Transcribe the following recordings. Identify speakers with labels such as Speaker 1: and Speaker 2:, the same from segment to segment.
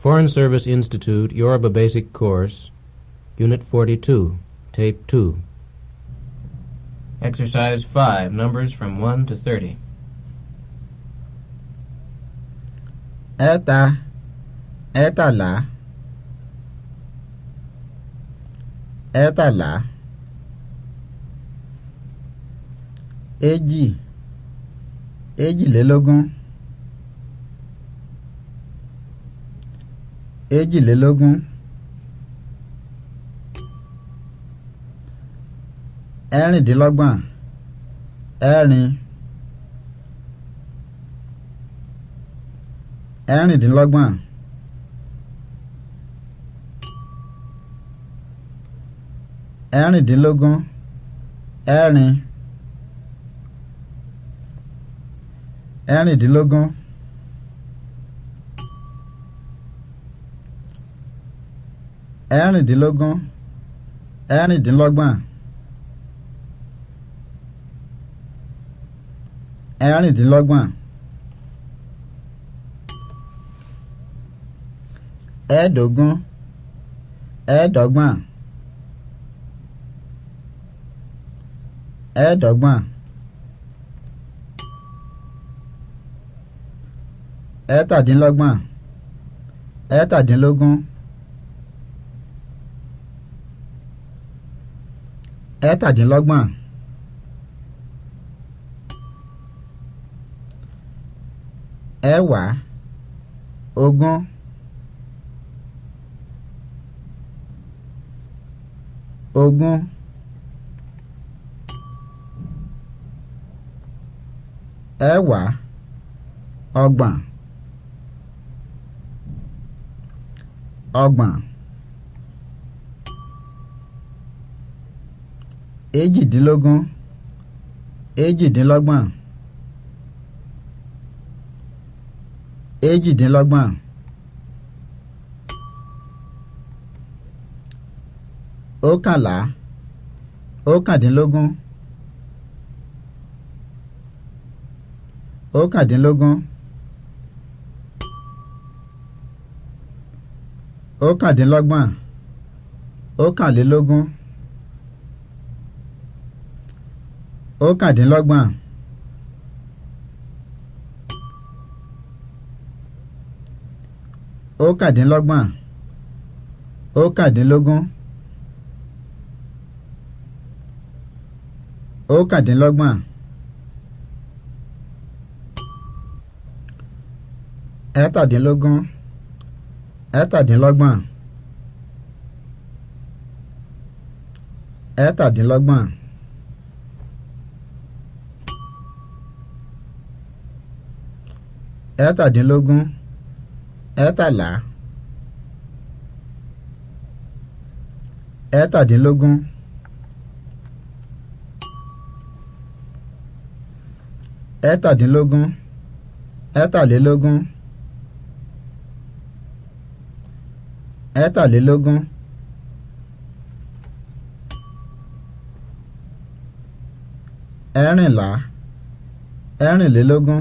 Speaker 1: Foreign Service Institute Yoruba Basic Course, Unit 42, Tape 2. Exercise 5, numbers from 1 to 30. Ẹ̀ta, ẹ̀tàlá, ẹ̀tàlá, èjì, èjìlélógún. èjìlélógún ẹ̀rìndínlọ́gbọ̀n ẹ̀rin ẹ̀rìndínlọ́gbọ̀n ẹ̀rìndínlógún ẹ̀rin ẹ̀rìndínlógún. ẹ̀rìndínlógún ẹ̀rìndínlọ́gbọ̀n ẹ̀rìndínlọ́gbọ̀n ẹ̀ẹ́dógún ẹ̀ẹ́dọ́gbọ̀n ẹ̀ẹ́dọ́gbọ̀n ẹ̀ẹ́tàdínlọ́gbọ̀n ẹ̀ẹ́tàdínlógún. ẹ̀ẹ́tàdínlọ́gbọ̀n ẹ̀wàá ogún ogún ẹ̀wàá ọgbọ̀n ọgbọ̀n. èjìdínlógún èjìdínlọ́gbọ̀n èjìdínlọ́gbọ̀n ókànlá ókàndínlógún ókàndínlógún ókàndínlọ́gbọ̀n ókànlélógún. ọ̀kàndínlọ́gbọ̀n ọ̀kàndínlọ́gbọ̀n ọ̀kàndínlógún ọ̀kàndínlọ́gbọ̀n ẹ̀ẹ́tàdínlógún ẹ̀ẹ́tàdínlọ́gbọ̀n ẹ̀ẹ́tàdínlọ́gbọ̀n. ẹ̀ẹ́tàdínlógún ẹ̀ẹ́tàlá ẹ̀ẹ́tàdínlógún ẹ̀ẹ́tàdínlógún ẹ̀ẹ́tàlélógún ẹ̀ẹ́tàlélógún ẹ̀ẹ́rìnlá ẹ̀ẹ́rìnlélógún.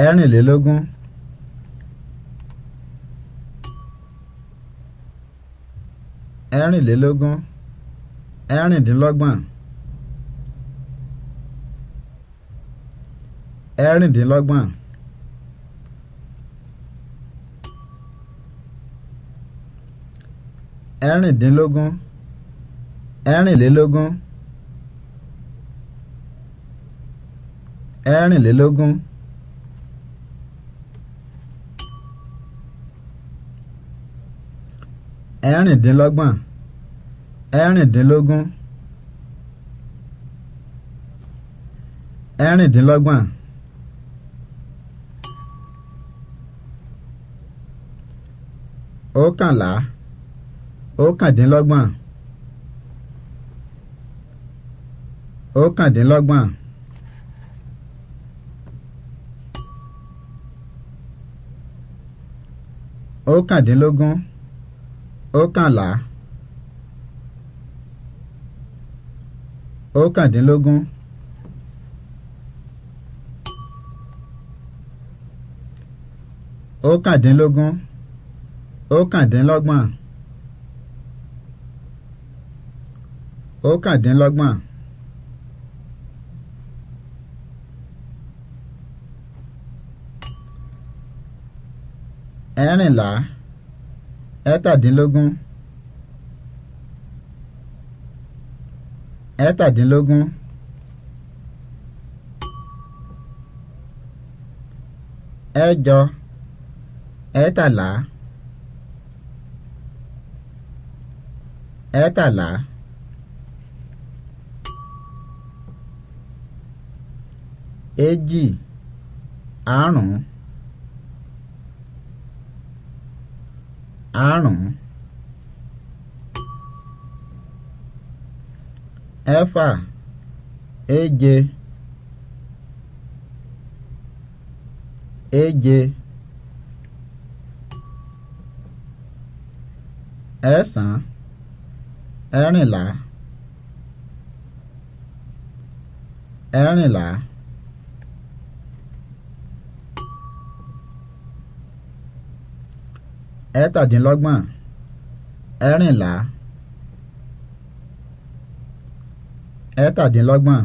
Speaker 1: ẹ́rìnlélógún ẹ́rìnlélógún ẹ́rìndínlọ́gbọ̀n ẹ́rìndínlọ́gbọ̀n ẹ́rìndínlógún ẹ́rìnlélógún ẹ́rìnlélógún. ẹ̀rìndínlọ́gbọ̀n ẹ̀rìndínlógún ẹ̀rìndínlọ́gbọ̀n ọ̀kànlá ọ̀kàndínlọ́gbọ̀n ọ̀kàndínlọ́gbọ̀n. ọ̀kàndínlógún Ókànlá ókàndínlógún ókàndínlógún ókàndínlọ́gbọ̀n ókàndínlọ́gbọ̀n ẹ̀rìnlá ẹ́tàdínlógún ẹ́tàdínlógún ẹ̀jọ ẹ̀tàlá ẹ̀tàlá èjì àrún. àrún ẹ̀fà èje èje ẹ̀sán ẹ̀rìnlá ẹ̀rìnlá. ẹ̀ẹ́tàdínlọ́gbọ̀n ẹ̀rìnlá ẹ̀ẹ́tàdínlọ́gbọ̀n.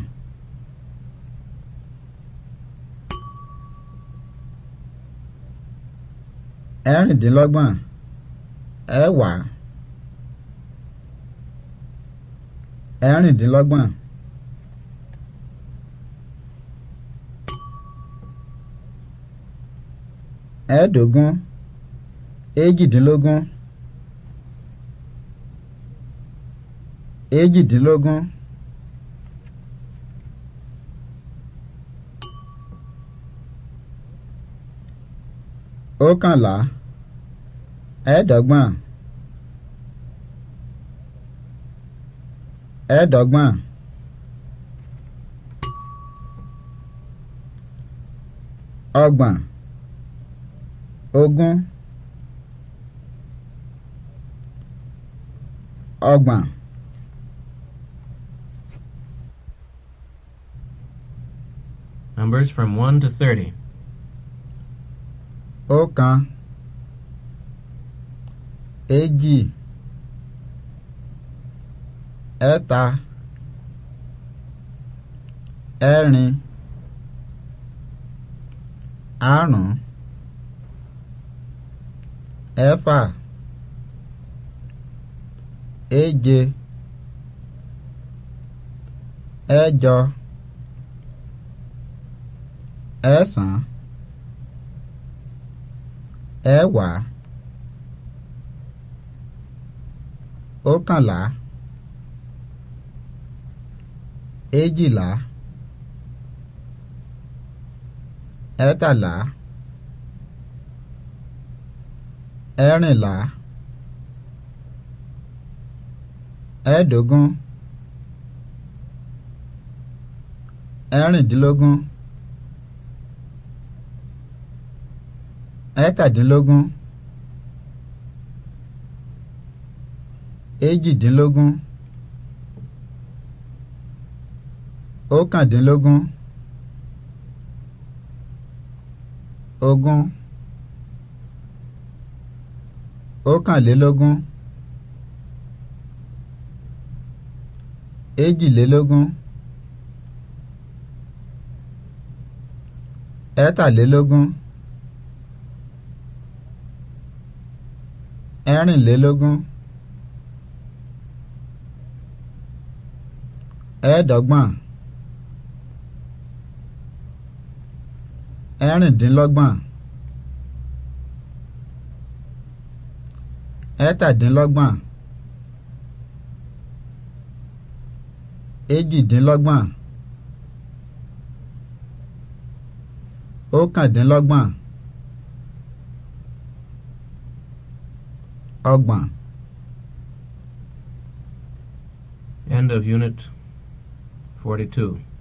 Speaker 1: ẹ̀rìndínlọ́gbọ̀n ẹ̀wàá ẹ̀rìndínlọ́gbọ̀n ẹ̀ẹ́dógún. èjìdínlógún èjìdínlógún ọ̀kànlá ẹ̀ẹ́dọ́gbọ̀n ẹ̀ẹ́dọ́gbọ̀n ọgbọ̀n ogún. ọgbọ̀n. Numbers from 1 to 30. Oka. Èjì. Ẹ̀ta. Ẹ̀rin. Àrún. Ẹ̀fà. eje ẹjọ ẹ̀sán ẹ̀wá ókànlá èjìlá ẹ̀tàlá ẹ̀rìnlá. ẹẹ́dógún ẹ̀rìndínlógún ẹ̀ẹ́tàdínlógún èjìdínlógún ọ̀kàndínlógún ogún ọ̀kànlélógún. èjìlélógún ẹ̀ẹ́tàlélógún ẹ̀rìnlélógún ẹ̀ẹ́dọ́gbọ̀n ẹ̀rìndínlọ́gbọ̀n ẹ̀ẹ́tàdínlọ́gbọ̀n. èjìdínlọ́gbọ̀n ókàndínlọ́gbọ̀n ọgbọ̀n. End of Unit 42.